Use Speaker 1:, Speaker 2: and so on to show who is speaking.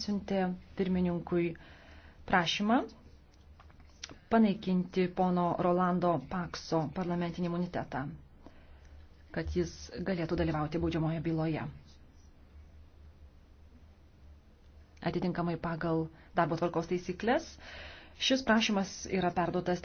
Speaker 1: siuntė pirmininkui prašymą panaikinti pono Rolando Pakso parlamentinį imunitetą, kad jis galėtų dalyvauti baudžiamoje byloje. Atitinkamai pagal darbo tvarkos taisyklės, šis prašymas yra perduotas